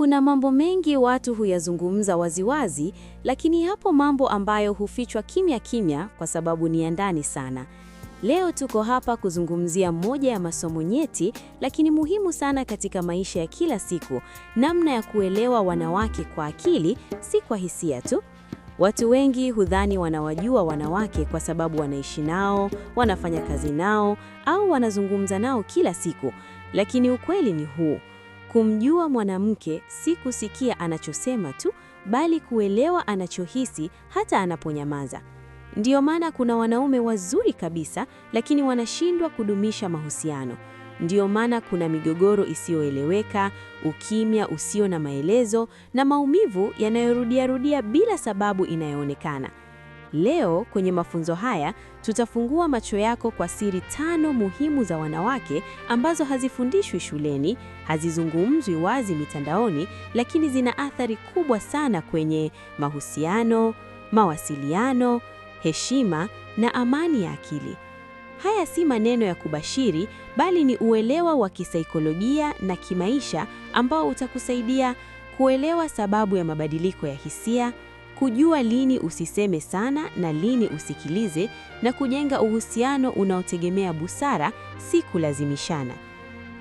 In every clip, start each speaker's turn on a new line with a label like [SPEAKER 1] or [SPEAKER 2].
[SPEAKER 1] Kuna mambo mengi watu huyazungumza waziwazi, lakini hapo mambo ambayo hufichwa kimya kimya kwa sababu ni ya ndani sana. Leo tuko hapa kuzungumzia moja ya masomo nyeti lakini muhimu sana katika maisha ya kila siku, namna ya kuelewa wanawake kwa akili, si kwa hisia tu. Watu wengi hudhani wanawajua wanawake kwa sababu wanaishi nao, wanafanya kazi nao, au wanazungumza nao kila siku, lakini ukweli ni huu. Kumjua mwanamke si kusikia anachosema tu, bali kuelewa anachohisi hata anaponyamaza. Ndiyo maana kuna wanaume wazuri kabisa, lakini wanashindwa kudumisha mahusiano. Ndiyo maana kuna migogoro isiyoeleweka, ukimya usio na maelezo, na maumivu yanayorudiarudia bila sababu inayoonekana. Leo kwenye mafunzo haya tutafungua macho yako kwa siri tano muhimu za wanawake ambazo hazifundishwi shuleni, hazizungumzwi wazi mitandaoni, lakini zina athari kubwa sana kwenye mahusiano, mawasiliano, heshima na amani ya akili. Haya si maneno ya kubashiri, bali ni uelewa wa kisaikolojia na kimaisha ambao utakusaidia kuelewa sababu ya mabadiliko ya hisia kujua lini usiseme sana na lini usikilize, na kujenga uhusiano unaotegemea busara, si kulazimishana.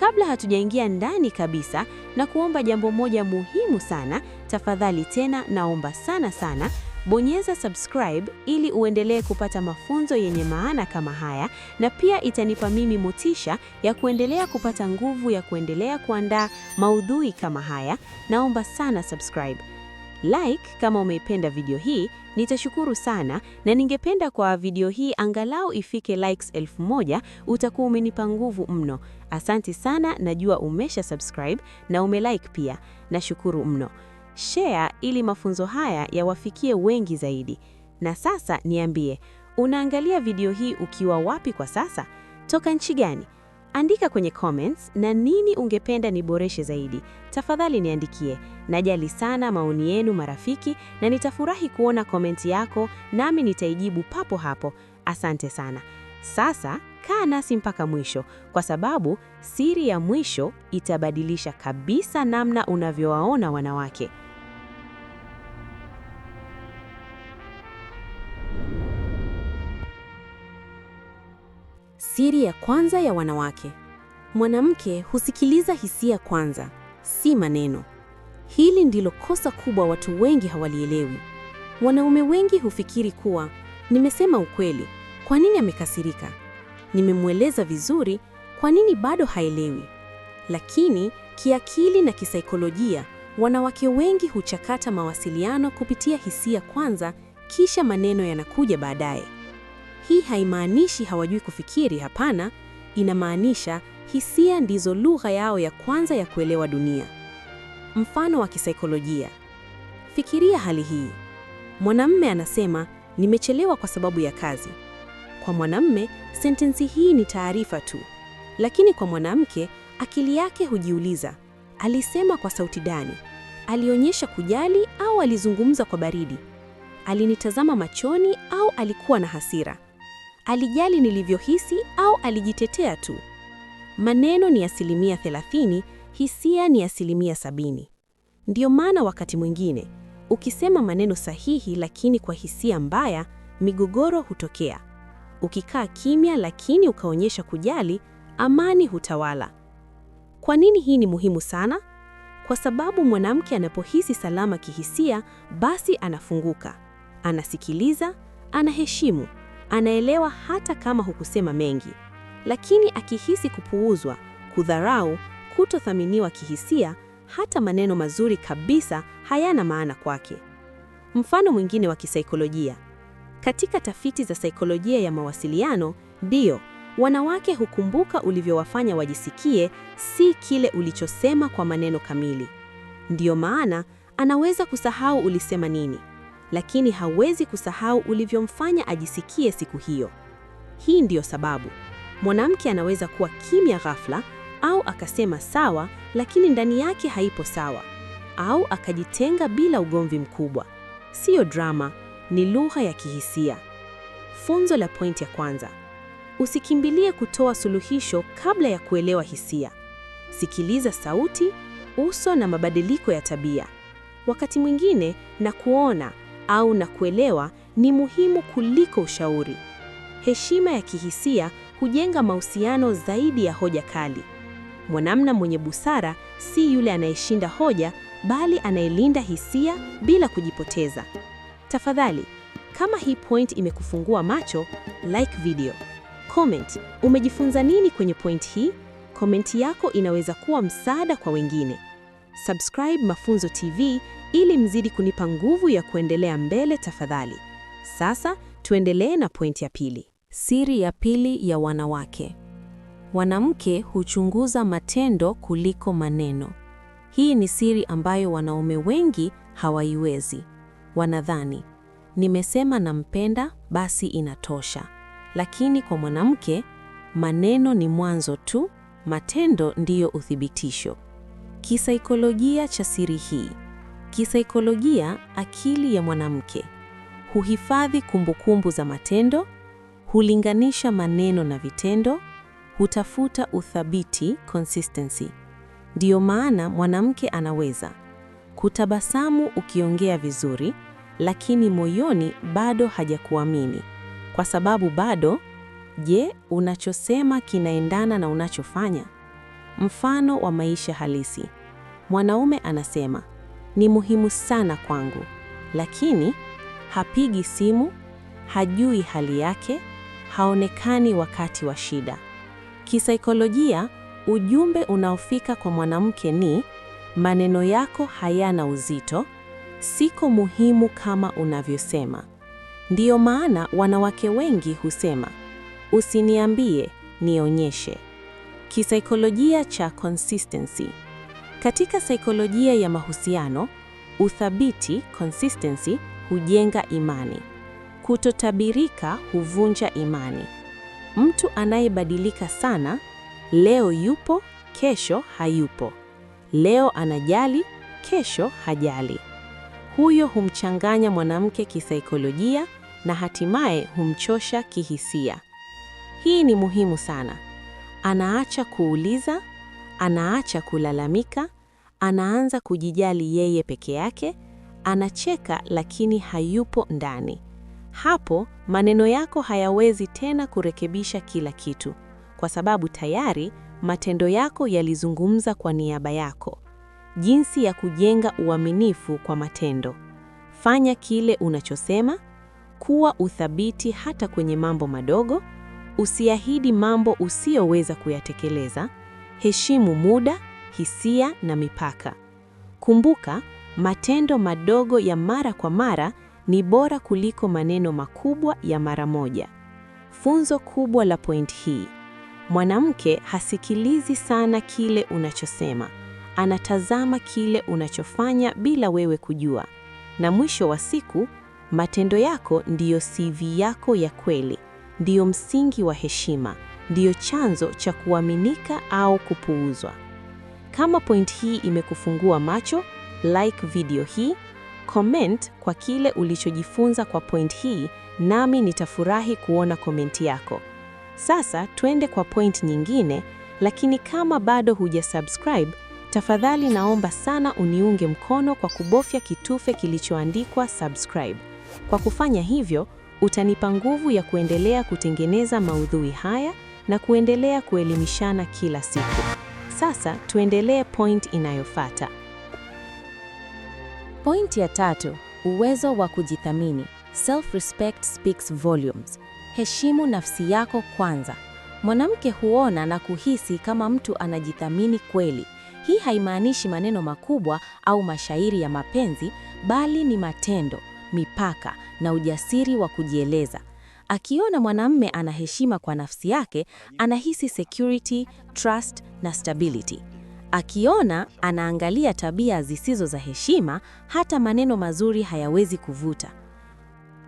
[SPEAKER 1] Kabla hatujaingia ndani kabisa, na kuomba jambo moja muhimu sana, tafadhali tena naomba sana sana, bonyeza subscribe ili uendelee kupata mafunzo yenye maana kama haya, na pia itanipa mimi motisha ya kuendelea kupata nguvu ya kuendelea kuandaa maudhui kama haya. Naomba sana subscribe. Like kama umeipenda video hii, nitashukuru sana na ningependa kwa video hii angalau ifike likes elfu moja, utakuwa umenipa nguvu mno. Asanti sana, najua umesha subscribe na umelike pia. Nashukuru mno. Share ili mafunzo haya yawafikie wengi zaidi. Na sasa niambie, unaangalia video hii ukiwa wapi kwa sasa? Toka nchi gani? Andika kwenye comments na nini ungependa niboreshe zaidi. Tafadhali niandikie. Najali sana maoni yenu marafiki, na nitafurahi kuona komenti yako, nami nitaijibu papo hapo. Asante sana. Sasa kaa nasi mpaka mwisho, kwa sababu siri ya mwisho itabadilisha kabisa namna unavyowaona wanawake.
[SPEAKER 2] Siri ya kwanza ya wanawake. Mwanamke husikiliza hisia kwanza, si maneno. Hili ndilo kosa kubwa watu wengi hawalielewi. Wanaume wengi hufikiri kuwa nimesema ukweli, kwa nini amekasirika? Nimemweleza vizuri, kwa nini bado haelewi? Lakini kiakili na kisaikolojia, wanawake wengi huchakata mawasiliano kupitia hisia kwanza, kisha maneno yanakuja baadaye. Hii haimaanishi hawajui kufikiri, hapana. Inamaanisha hisia ndizo lugha yao ya kwanza ya kuelewa dunia. Mfano wa kisaikolojia. Fikiria hali hii. mwanamme anasema nimechelewa kwa sababu ya kazi. Kwa mwanamme sentensi hii ni taarifa tu. Lakini kwa mwanamke, akili yake hujiuliza, alisema kwa sauti gani? Alionyesha kujali au alizungumza kwa baridi? Alinitazama machoni au alikuwa na hasira? alijali nilivyohisi au alijitetea tu? Maneno ni asilimia 30, hisia ni asilimia sabini. Ndiyo maana wakati mwingine ukisema maneno sahihi lakini kwa hisia mbaya, migogoro hutokea. Ukikaa kimya lakini ukaonyesha kujali, amani hutawala. Kwa nini hii ni muhimu sana? Kwa sababu mwanamke anapohisi salama kihisia, basi anafunguka, anasikiliza, anaheshimu. Anaelewa hata kama hukusema mengi, lakini akihisi kupuuzwa, kudharau, kutothaminiwa kihisia, hata maneno mazuri kabisa hayana maana kwake. Mfano mwingine wa kisaikolojia. Katika tafiti za saikolojia ya mawasiliano, ndiyo, wanawake hukumbuka ulivyowafanya wajisikie, si kile ulichosema kwa maneno kamili. Ndiyo maana anaweza kusahau ulisema nini lakini hawezi kusahau ulivyomfanya ajisikie siku hiyo. Hii ndiyo sababu mwanamke anaweza kuwa kimya ghafla, au akasema sawa, lakini ndani yake haipo sawa, au akajitenga bila ugomvi mkubwa. Siyo drama, ni lugha ya kihisia. Funzo la point ya kwanza: usikimbilie kutoa suluhisho kabla ya kuelewa hisia. Sikiliza sauti, uso na mabadiliko ya tabia. Wakati mwingine na kuona au na kuelewa ni muhimu kuliko ushauri. Heshima ya kihisia hujenga mahusiano zaidi ya hoja kali. Mwanamna mwenye busara si yule anayeshinda hoja, bali anayelinda hisia bila kujipoteza. Tafadhali, kama hii point imekufungua macho, like video. Comment, umejifunza nini kwenye point hii? Komenti yako inaweza kuwa msaada kwa wengine. Subscribe Mafunzo TV ili mzidi kunipa nguvu ya kuendelea mbele tafadhali. Sasa tuendelee na pointi ya pili.
[SPEAKER 3] Siri ya pili ya wanawake. Wanamke huchunguza matendo kuliko maneno. Hii ni siri ambayo wanaume wengi hawaiwezi. Wanadhani nimesema nampenda basi inatosha. Lakini kwa mwanamke maneno ni mwanzo tu, matendo ndiyo uthibitisho. Kisaikolojia cha siri hii Kisaikolojia, akili ya mwanamke huhifadhi kumbukumbu za matendo, hulinganisha maneno na vitendo, hutafuta uthabiti consistency. Ndiyo maana mwanamke anaweza kutabasamu ukiongea vizuri, lakini moyoni bado hajakuamini kwa sababu bado. Je, unachosema kinaendana na unachofanya? Mfano wa maisha halisi, mwanaume anasema ni muhimu sana kwangu, lakini hapigi simu, hajui hali yake, haonekani wakati wa shida. Kisaikolojia, ujumbe unaofika kwa mwanamke ni maneno yako hayana uzito, siko muhimu kama unavyosema. Ndiyo maana wanawake wengi husema usiniambie, nionyeshe. Kisaikolojia cha consistency katika saikolojia ya mahusiano, uthabiti consistency hujenga imani, kutotabirika huvunja imani. Mtu anayebadilika sana, leo yupo, kesho hayupo, leo anajali, kesho hajali, huyo humchanganya mwanamke kisaikolojia na hatimaye humchosha kihisia. Hii ni muhimu sana. Anaacha kuuliza, anaacha kulalamika, anaanza kujijali yeye peke yake, anacheka lakini hayupo ndani. Hapo maneno yako hayawezi tena kurekebisha kila kitu, kwa sababu tayari matendo yako yalizungumza kwa niaba yako. Jinsi ya kujenga uaminifu kwa matendo: fanya kile unachosema, kuwa uthabiti hata kwenye mambo madogo, usiahidi mambo usiyoweza kuyatekeleza, heshimu muda hisia na mipaka. Kumbuka, matendo madogo ya mara kwa mara ni bora kuliko maneno makubwa ya mara moja. Funzo kubwa la point hii, mwanamke hasikilizi sana kile unachosema, anatazama kile unachofanya bila wewe kujua, na mwisho wa siku matendo yako ndiyo CV yako ya kweli, ndiyo msingi wa heshima, ndiyo chanzo cha kuaminika au kupuuzwa. Kama point hii imekufungua macho, like video hii, comment kwa kile ulichojifunza kwa point hii, nami nitafurahi kuona komenti yako. Sasa twende kwa point nyingine, lakini kama bado hujasubscribe, tafadhali naomba sana uniunge mkono kwa kubofya kitufe kilichoandikwa subscribe. Kwa kufanya hivyo, utanipa nguvu ya kuendelea kutengeneza maudhui haya na kuendelea kuelimishana kila siku. Sasa tuendelee point inayofuata.
[SPEAKER 4] Point ya tatu, uwezo wa kujithamini. Self respect speaks volumes. Heshimu nafsi yako kwanza. Mwanamke huona na kuhisi kama mtu anajithamini kweli. Hii haimaanishi maneno makubwa au mashairi ya mapenzi, bali ni matendo, mipaka na ujasiri wa kujieleza. Akiona mwanamme ana heshima kwa nafsi yake, anahisi security, trust na stability. Akiona anaangalia tabia zisizo za heshima, hata maneno mazuri hayawezi kuvuta.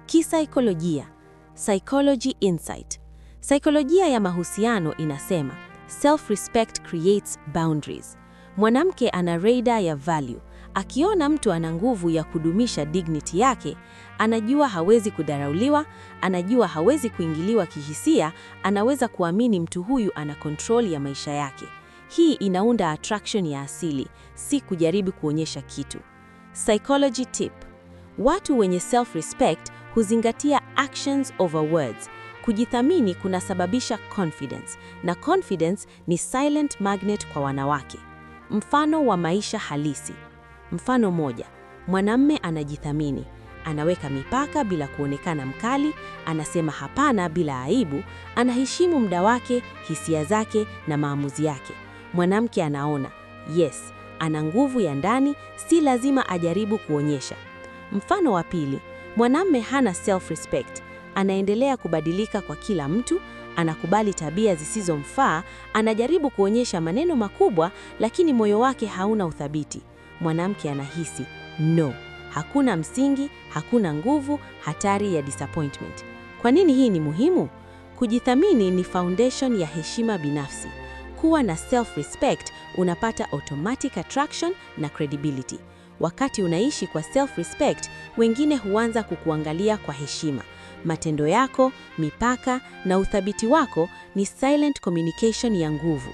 [SPEAKER 4] Kisaikolojia, psychology insight. Saikolojia ya mahusiano inasema self respect creates boundaries. Mwanamke ana radar ya value. Akiona mtu ana nguvu ya kudumisha dignity yake, Anajua hawezi kudharauliwa, anajua hawezi kuingiliwa kihisia, anaweza kuamini mtu huyu ana kontroli ya maisha yake. Hii inaunda attraction ya asili, si kujaribu kuonyesha kitu. Psychology tip: watu wenye self respect huzingatia actions over words. Kujithamini kunasababisha confidence, na confidence ni silent magnet kwa wanawake. Mfano wa maisha halisi. Mfano moja, mwanamme anajithamini Anaweka mipaka bila kuonekana mkali, anasema hapana bila aibu, anaheshimu muda wake, hisia zake na maamuzi yake. Mwanamke anaona yes, ana nguvu ya ndani, si lazima ajaribu kuonyesha. Mfano wa pili, mwanamme hana self respect, anaendelea kubadilika kwa kila mtu, anakubali tabia zisizomfaa, anajaribu kuonyesha maneno makubwa, lakini moyo wake hauna uthabiti. Mwanamke anahisi no hakuna msingi, hakuna nguvu, hatari ya disappointment. Kwa nini hii ni muhimu? Kujithamini ni foundation ya heshima binafsi. Kuwa na self respect, unapata automatic attraction na credibility. Wakati unaishi kwa self respect, wengine huanza kukuangalia kwa heshima. Matendo yako, mipaka na uthabiti wako ni silent communication ya nguvu.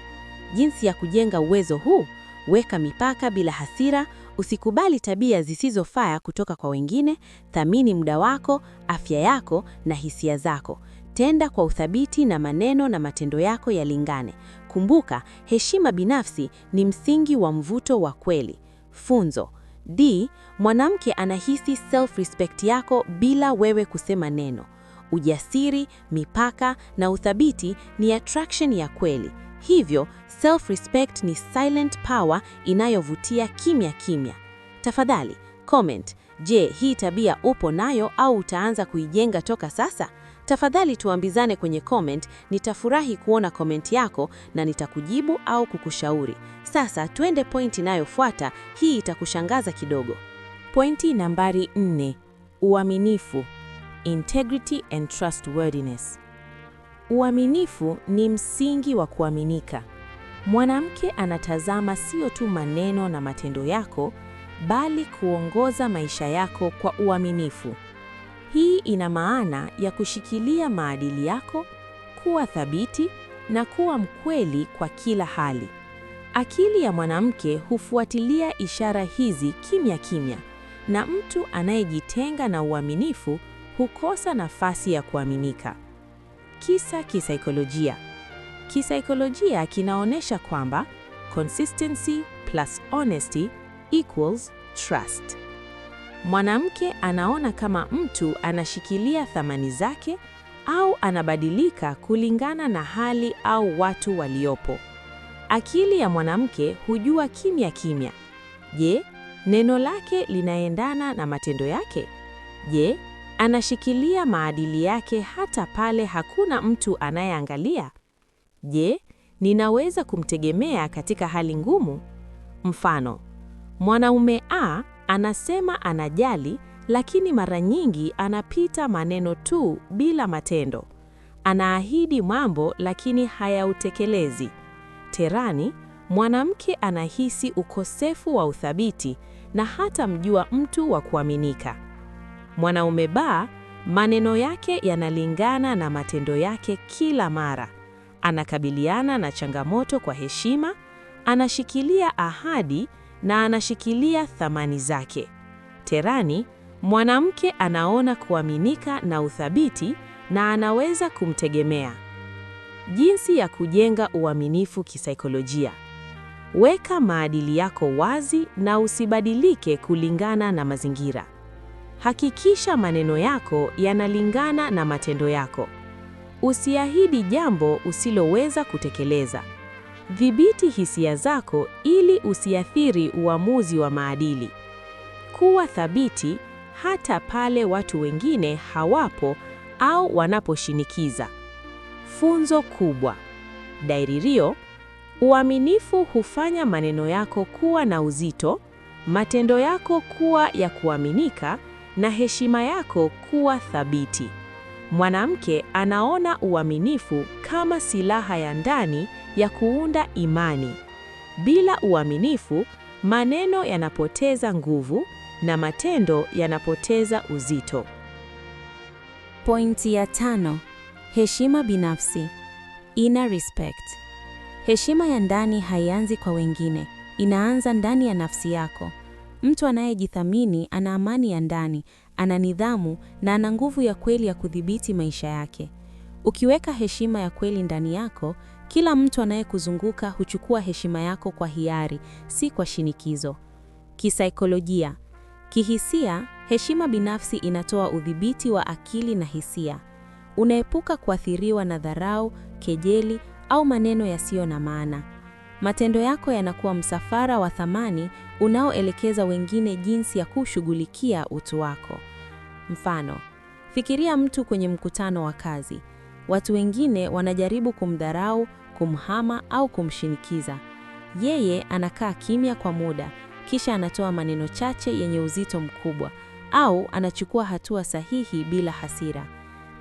[SPEAKER 4] Jinsi ya kujenga uwezo huu: weka mipaka bila hasira, Usikubali tabia zisizofaa kutoka kwa wengine. Thamini muda wako, afya yako na hisia zako. Tenda kwa uthabiti na maneno na matendo yako yalingane. Kumbuka, heshima binafsi ni msingi wa mvuto wa kweli. Funzo D, mwanamke anahisi self-respect yako bila wewe kusema neno ujasiri, mipaka na uthabiti ni attraction ya kweli. Hivyo self respect ni silent power inayovutia kimya kimya. Tafadhali comment, je, hii tabia upo nayo au utaanza kuijenga toka sasa? Tafadhali tuambizane kwenye comment, nitafurahi kuona comment yako na nitakujibu au kukushauri. Sasa twende point inayofuata, hii itakushangaza kidogo.
[SPEAKER 5] Pointi nambari nne, uaminifu integrity and trustworthiness. Uaminifu ni msingi wa kuaminika. Mwanamke anatazama sio tu maneno na matendo yako, bali kuongoza maisha yako kwa uaminifu. Hii ina maana ya kushikilia maadili yako, kuwa thabiti na kuwa mkweli kwa kila hali. Akili ya mwanamke hufuatilia ishara hizi kimya kimya, na mtu anayejitenga na uaminifu hukosa nafasi ya kuaminika. Kisa kisaikolojia. Kisaikolojia kinaonyesha kwamba consistency plus honesty equals trust. Mwanamke anaona kama mtu anashikilia thamani zake au anabadilika kulingana na hali au watu waliopo. Akili ya mwanamke hujua kimya kimya. Je, neno lake linaendana na matendo yake? Je, Anashikilia maadili yake hata pale hakuna mtu anayeangalia. Je, ninaweza kumtegemea katika hali ngumu? Mfano, mwanaume A anasema anajali, lakini mara nyingi anapita maneno tu bila matendo. Anaahidi mambo lakini hayautekelezi. Terani, mwanamke anahisi ukosefu wa uthabiti na hata mjua mtu wa kuaminika. Mwanaume Ba, maneno yake yanalingana na matendo yake kila mara. Anakabiliana na changamoto kwa heshima, anashikilia ahadi na anashikilia thamani zake. Terani, mwanamke anaona kuaminika na uthabiti na anaweza kumtegemea. Jinsi ya kujenga uaminifu kisaikolojia. Weka maadili yako wazi na usibadilike kulingana na mazingira. Hakikisha maneno yako yanalingana na matendo yako. Usiahidi jambo usiloweza kutekeleza. Dhibiti hisia zako ili usiathiri uamuzi wa maadili. Kuwa thabiti hata pale watu wengine hawapo au wanaposhinikiza. Funzo kubwa. Dairirio, uaminifu hufanya maneno yako kuwa na uzito, matendo yako kuwa ya kuaminika na heshima yako kuwa thabiti. Mwanamke anaona uaminifu kama silaha ya ndani ya kuunda imani. Bila uaminifu, maneno yanapoteza nguvu na matendo yanapoteza uzito.
[SPEAKER 6] Pointi ya tano: heshima binafsi, inner respect. Heshima ya ndani haianzi kwa wengine, inaanza ndani ya nafsi yako. Mtu anayejithamini ana amani ya ndani, ana nidhamu na ana nguvu ya kweli ya kudhibiti maisha yake. Ukiweka heshima ya kweli ndani yako, kila mtu anayekuzunguka huchukua heshima yako kwa hiari, si kwa shinikizo. Kisaikolojia. Kihisia, heshima binafsi inatoa udhibiti wa akili na hisia. Unaepuka kuathiriwa na dharau, kejeli au maneno yasiyo na maana. Matendo yako yanakuwa msafara wa thamani unaoelekeza wengine jinsi ya kushughulikia utu wako. Mfano, fikiria mtu kwenye mkutano wa kazi. Watu wengine wanajaribu kumdharau, kumhama au kumshinikiza. Yeye anakaa kimya kwa muda, kisha anatoa maneno chache yenye uzito mkubwa au anachukua hatua sahihi bila hasira.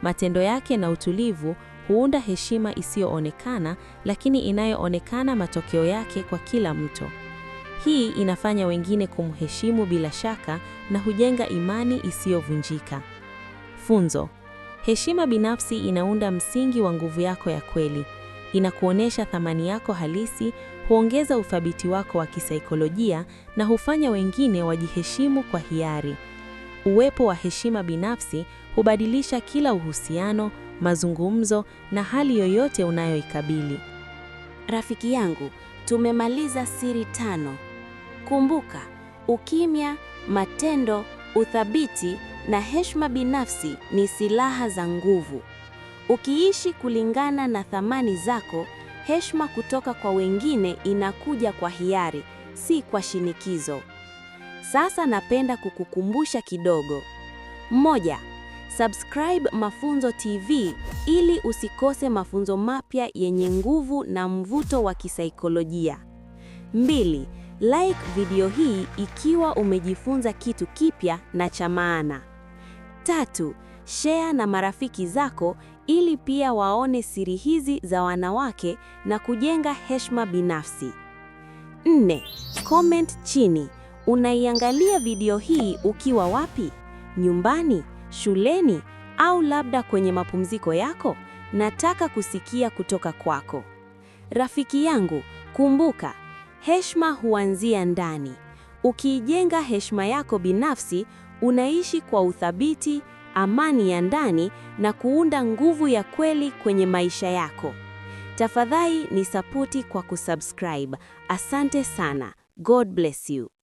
[SPEAKER 6] Matendo yake na utulivu huunda heshima isiyoonekana lakini inayoonekana matokeo yake kwa kila mtu. Hii inafanya wengine kumheshimu bila shaka na hujenga imani isiyovunjika. Funzo: heshima binafsi inaunda msingi wa nguvu yako ya kweli, inakuonyesha thamani yako halisi, huongeza uthabiti wako wa kisaikolojia na hufanya wengine wajiheshimu kwa hiari. Uwepo wa heshima binafsi hubadilisha kila uhusiano mazungumzo na hali yoyote unayoikabili.
[SPEAKER 7] Rafiki yangu, tumemaliza siri tano. Kumbuka, ukimya, matendo, uthabiti na heshima binafsi ni silaha za nguvu. Ukiishi kulingana na thamani zako, heshima kutoka kwa wengine inakuja kwa hiari, si kwa shinikizo. Sasa napenda kukukumbusha kidogo. Moja, Subscribe Mafunzo TV ili usikose mafunzo mapya yenye nguvu na mvuto wa kisaikolojia. Mbili, like video hii ikiwa umejifunza kitu kipya na cha maana. Tatu, share na marafiki zako ili pia waone siri hizi za wanawake na kujenga heshima binafsi. Nne, comment chini. Unaiangalia video hii ukiwa wapi? Nyumbani? shuleni au labda kwenye mapumziko yako, nataka kusikia kutoka kwako. Rafiki yangu, kumbuka, heshima huanzia ndani. Ukiijenga heshima yako binafsi, unaishi kwa uthabiti, amani ya ndani na kuunda nguvu ya kweli kwenye maisha yako. Tafadhali ni sapoti kwa kusubscribe. Asante sana. God bless you.